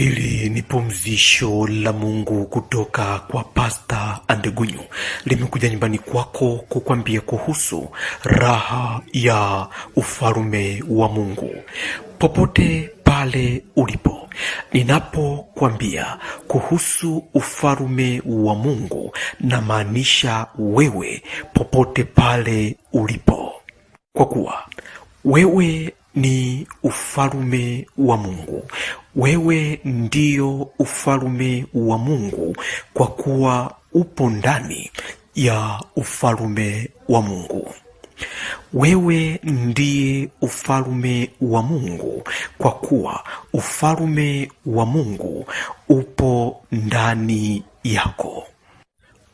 Hili ni pumzisho la Mungu kutoka kwa Pasta Andegunyu, limekuja nyumbani kwako kukwambia kuhusu raha ya ufarume wa Mungu. Popote pale ulipo, ninapokwambia kuhusu ufarume wa Mungu, na maanisha wewe, popote pale ulipo, kwa kuwa wewe ni ufalume wa Mungu. Wewe ndiyo ufalume wa Mungu kwa kuwa upo ndani ya ufalume wa Mungu. Wewe ndiye ufalume wa Mungu kwa kuwa ufalume wa Mungu upo ndani yako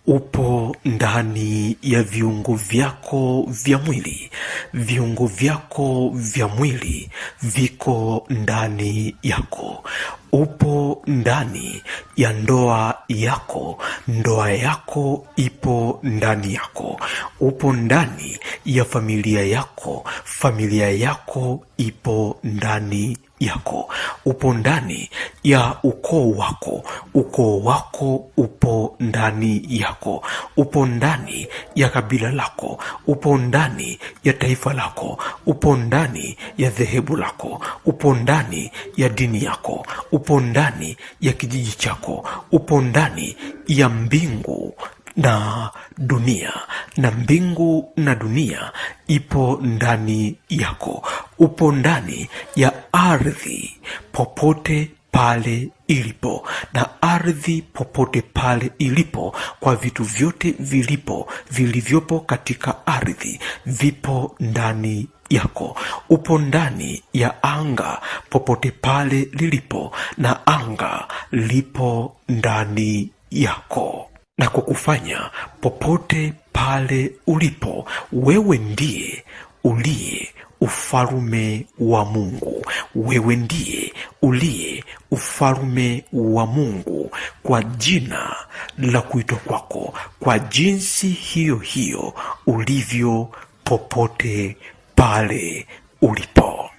upo ndani ya viungo vyako vya mwili. Viungo vyako vya mwili viko ndani yako. Upo ndani ya ndoa yako, ndoa yako ipo ndani yako. Upo ndani ya familia yako, familia yako ipo ndani yako, upo ndani ya ukoo wako, ukoo wako upo ndani yako, upo ndani ya kabila lako, upo ndani ya taifa lako, upo ndani ya dhehebu lako, upo ndani ya dini yako, upo ndani ya kijiji chako, upo ndani ya mbingu na dunia na mbingu na dunia ipo ndani yako, upo ndani ya ardhi, popote pale ilipo na ardhi popote pale ilipo, kwa vitu vyote vilipo vilivyopo katika ardhi vipo ndani yako. Upo ndani ya anga popote pale lilipo, na anga lipo ndani yako na kukufanya popote pale ulipo, wewe ndiye uliye ufalume wa Mungu, wewe ndiye uliye ufalume wa Mungu. Kwa jina la kuitwa kwako, kwa jinsi hiyo hiyo ulivyo popote pale ulipo,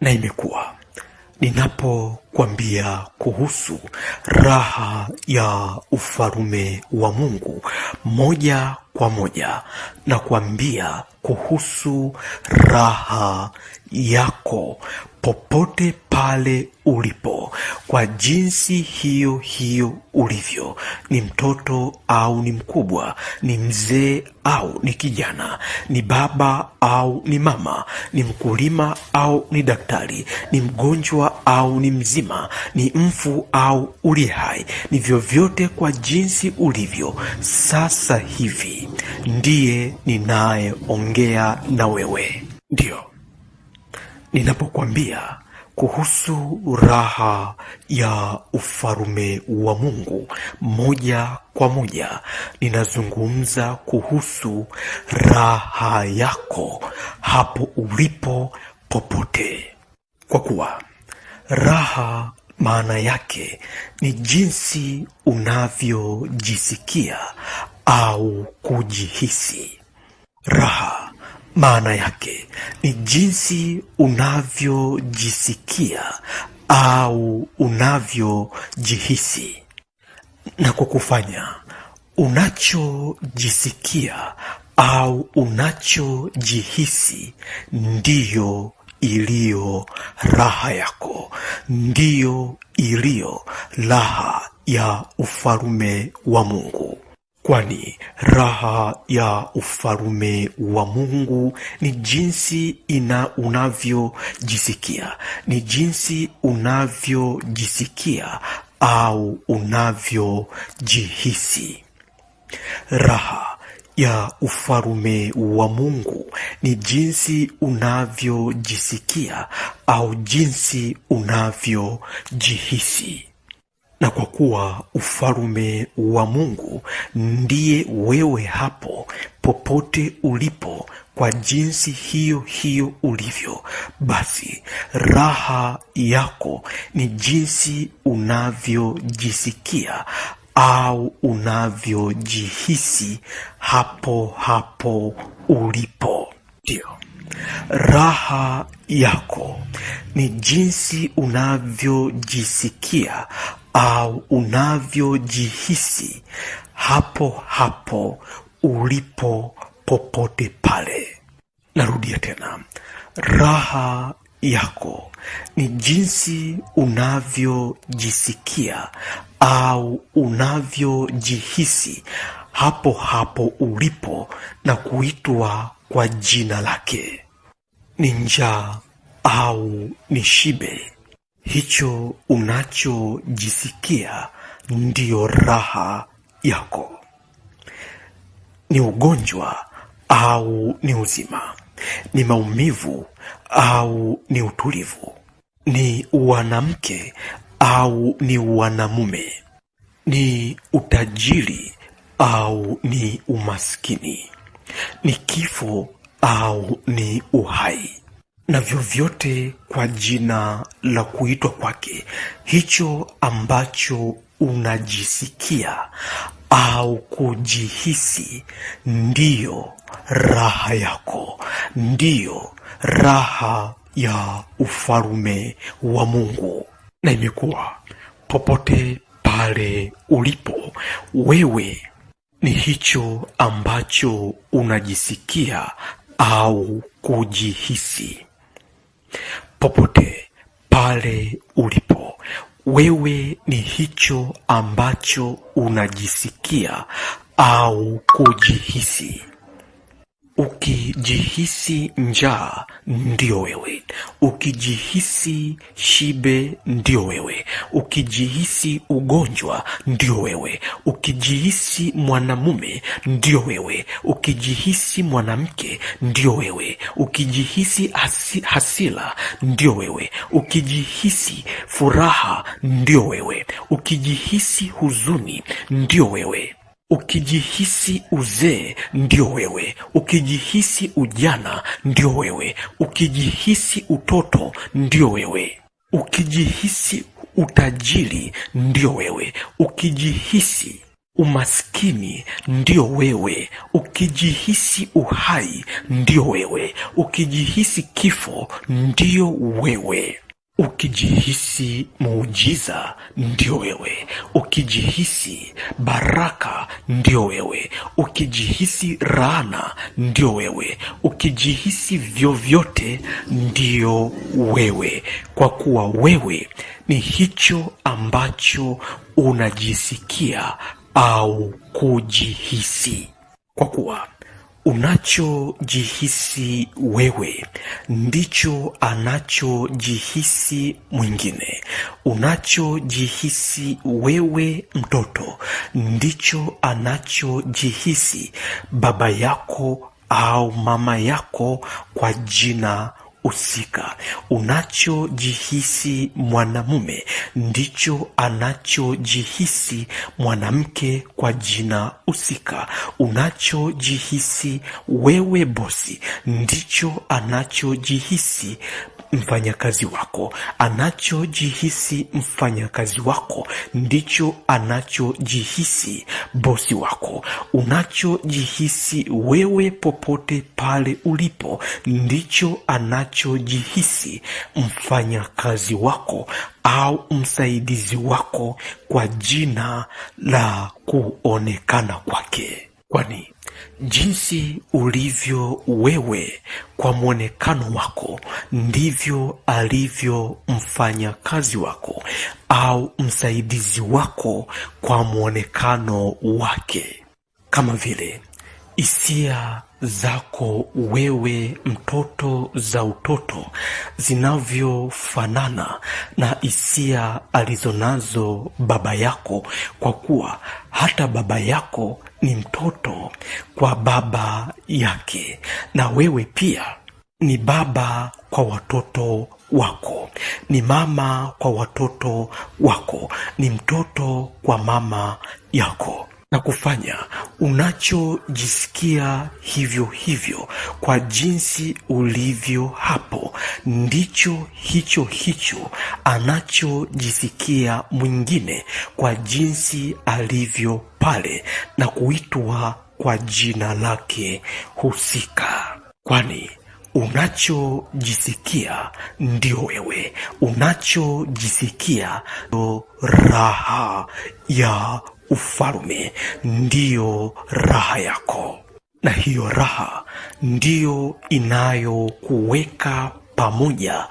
na imekuwa Ninapokwambia kuhusu raha ya ufalume wa Mungu moja kwa moja, na kuambia kuhusu raha yako popote pale ulipo, kwa jinsi hiyo hiyo ulivyo, ni mtoto au ni mkubwa, ni mzee au ni kijana, ni baba au ni mama, ni mkulima au ni daktari, ni mgonjwa au ni mzima, ni mfu au uli hai, ni vyovyote kwa jinsi ulivyo sasa hivi, ndiye ninayeongea na wewe, ndiyo ninapokwambia kuhusu raha ya ufalume wa Mungu, moja kwa moja ninazungumza kuhusu raha yako hapo ulipo popote, kwa kuwa raha maana yake ni jinsi unavyojisikia au kujihisi raha maana yake ni jinsi unavyojisikia au unavyojihisi, na kwa kufanya unachojisikia au unachojihisi ndiyo iliyo raha yako, ndiyo iliyo raha ya ufalume wa Mungu. Kwani raha ya ufalume wa Mungu ni jinsi ina unavyojisikia, ni jinsi unavyojisikia au unavyojihisi. Raha ya ufalume wa Mungu ni jinsi unavyojisikia au jinsi unavyojihisi na kwa kuwa ufalume wa Mungu ndiye wewe hapo popote ulipo, kwa jinsi hiyo hiyo ulivyo, basi raha yako ni jinsi unavyojisikia au unavyojihisi hapo hapo ulipo. Ndio raha yako ni jinsi unavyojisikia au unavyojihisi hapo hapo ulipo popote pale. Narudia tena, raha yako ni jinsi unavyojisikia au unavyojihisi hapo hapo ulipo na kuitwa kwa jina lake. Ni njaa au ni shibe hicho unachojisikia ndiyo raha yako. Ni ugonjwa au ni uzima? Ni maumivu au ni utulivu? Ni wanamke au ni wanamume? Ni utajiri au ni umaskini? Ni kifo au ni uhai? na vyovyote kwa jina la kuitwa kwake, hicho ambacho unajisikia au kujihisi, ndiyo raha yako, ndiyo raha ya ufalume wa Mungu. Na imekuwa popote pale ulipo wewe, ni hicho ambacho unajisikia au kujihisi popote pale ulipo wewe ni hicho ambacho unajisikia au kujihisi. Ukijihisi njaa ndio wewe, ukijihisi shibe ndio wewe, ukijihisi ugonjwa ndio wewe, ukijihisi mwanamume ndio wewe, ukijihisi mwanamke ndio wewe, ukijihisi hasi, hasila ndio wewe, ukijihisi furaha ndio wewe, ukijihisi huzuni ndio wewe. Ukijihisi uzee ndio wewe, ukijihisi ujana ndio wewe, ukijihisi utoto ndio wewe, ukijihisi utajiri ndio wewe, ukijihisi umaskini ndio wewe, ukijihisi uhai ndio wewe, ukijihisi kifo ndio wewe. Ukijihisi muujiza ndio wewe, ukijihisi baraka ndio wewe, ukijihisi raana ndio wewe, ukijihisi vyovyote ndio wewe, kwa kuwa wewe ni hicho ambacho unajisikia au kujihisi, kwa kuwa Unachojihisi wewe ndicho anachojihisi mwingine. Unachojihisi wewe mtoto ndicho anachojihisi baba yako au mama yako, kwa jina husika. Unachojihisi mwanamume ndicho anachojihisi mwanamke kwa jina husika. Unachojihisi wewe bosi ndicho anachojihisi mfanyakazi wako. Anachojihisi mfanyakazi wako ndicho anachojihisi bosi wako. Unachojihisi wewe popote pale ulipo ndicho anacho unachojihisi mfanyakazi wako au msaidizi wako kwa jina la kuonekana kwake, kwani jinsi ulivyo wewe kwa mwonekano wako ndivyo alivyo mfanyakazi wako au msaidizi wako kwa mwonekano wake, kama vile hisia zako wewe mtoto za utoto zinavyofanana na hisia alizonazo baba yako, kwa kuwa hata baba yako ni mtoto kwa baba yake, na wewe pia ni baba kwa watoto wako, ni mama kwa watoto wako, ni mtoto kwa mama yako na kufanya unachojisikia hivyo hivyo, kwa jinsi ulivyo hapo, ndicho hicho hicho anachojisikia mwingine kwa jinsi alivyo pale, na kuitwa kwa jina lake husika, kwani unachojisikia ndio wewe, unachojisikia ndio raha ya ufalume ndiyo raha yako, na hiyo raha ndiyo inayokuweka pamoja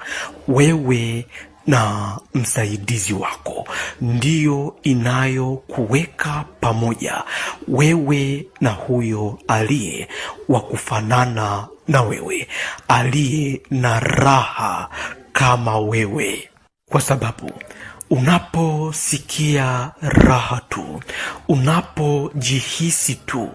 wewe na msaidizi wako, ndiyo inayokuweka pamoja wewe na huyo aliye wa kufanana na wewe, aliye na raha kama wewe, kwa sababu Unaposikia raha tu, unapojihisi tu,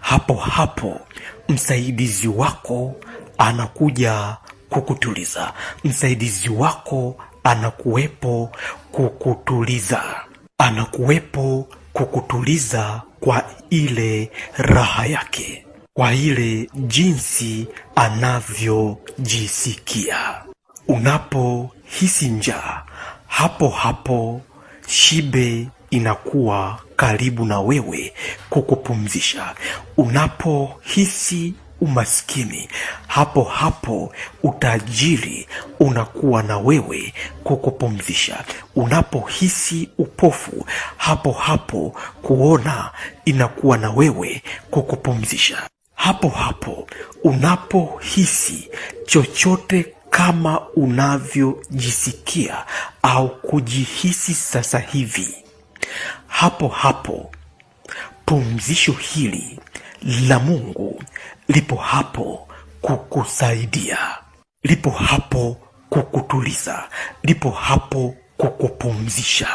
hapo hapo msaidizi wako anakuja kukutuliza. Msaidizi wako anakuwepo kukutuliza, anakuwepo kukutuliza kwa ile raha yake, kwa ile jinsi anavyojisikia. Unapohisi njaa hapo hapo shibe inakuwa karibu na wewe kukupumzisha. Unapohisi umaskini, hapo hapo utajiri unakuwa na wewe kukupumzisha. Unapohisi upofu, hapo hapo kuona inakuwa na wewe kukupumzisha. Hapo hapo unapohisi chochote kama unavyojisikia au kujihisi sasa hivi. Hapo hapo pumzisho hili la Mungu lipo hapo kukusaidia, lipo hapo kukutuliza, lipo hapo kukupumzisha.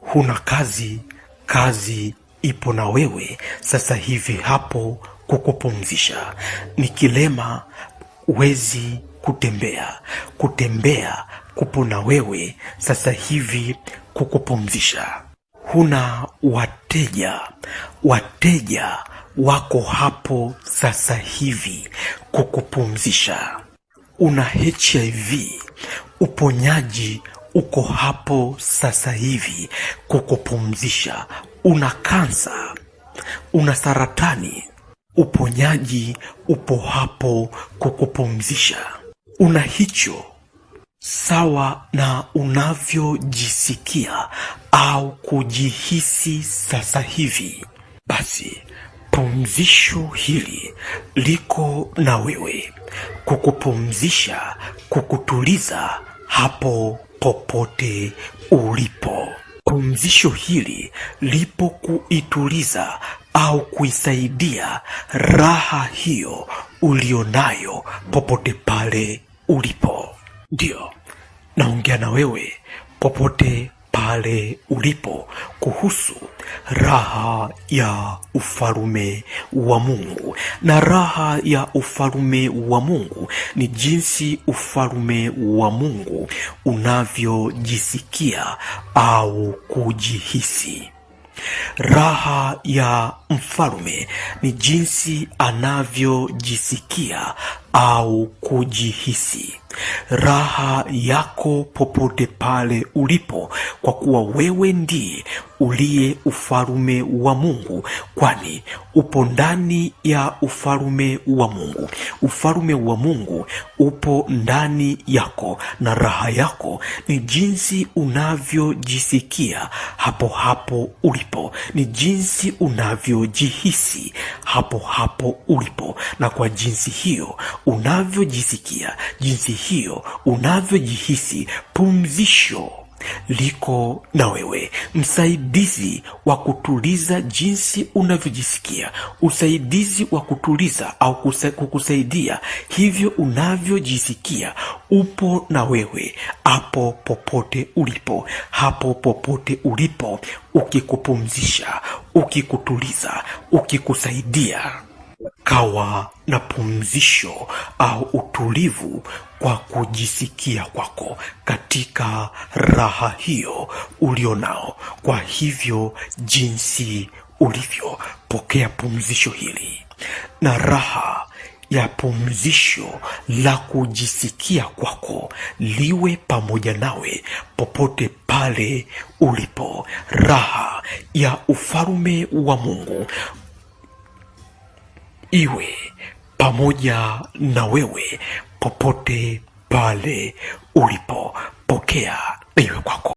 Huna kazi, kazi ipo na wewe sasa hivi hapo kukupumzisha. Ni kilema, wezi kutembea, kutembea kupo na wewe sasa hivi kukupumzisha. Huna wateja, wateja wako hapo sasa hivi kukupumzisha. Una HIV, uponyaji uko hapo sasa hivi kukupumzisha. Una kansa, una saratani, uponyaji upo hapo kukupumzisha una hicho sawa na unavyojisikia au kujihisi sasa hivi, basi pumzisho hili liko na wewe kukupumzisha, kukutuliza hapo popote ulipo. Pumzisho hili lipo kuituliza au kuisaidia raha hiyo ulionayo popote pale ulipo. ndio naongea na wewe popote pale ulipo kuhusu raha ya ufalume wa Mungu. Na raha ya ufalume wa Mungu ni jinsi ufalume wa Mungu unavyojisikia au kujihisi. Raha ya mfalme ni jinsi anavyojisikia au kujihisi raha yako popote pale ulipo, kwa kuwa wewe ndiye uliye ufalume wa Mungu, kwani upo ndani ya ufalume wa Mungu. Ufalume wa Mungu upo ndani yako, na raha yako ni jinsi unavyojisikia hapo hapo ulipo, ni jinsi unavyojihisi hapo hapo ulipo, na kwa jinsi hiyo unavyojisikia, jinsi hiyo unavyojihisi, pumzisho liko na wewe, msaidizi wa kutuliza jinsi unavyojisikia, usaidizi wa kutuliza au kukusaidia hivyo unavyojisikia, upo na wewe hapo popote ulipo, hapo popote ulipo, ukikupumzisha, ukikutuliza, ukikusaidia kawa na pumzisho au utulivu kwa kujisikia kwako katika raha hiyo ulio nao. Kwa hivyo jinsi ulivyo, pokea pumzisho hili na raha ya pumzisho la kujisikia kwako liwe pamoja nawe popote pale ulipo, raha ya ufalume wa Mungu iwe pamoja na wewe popote pale ulipo. Pokea na iwe kwako.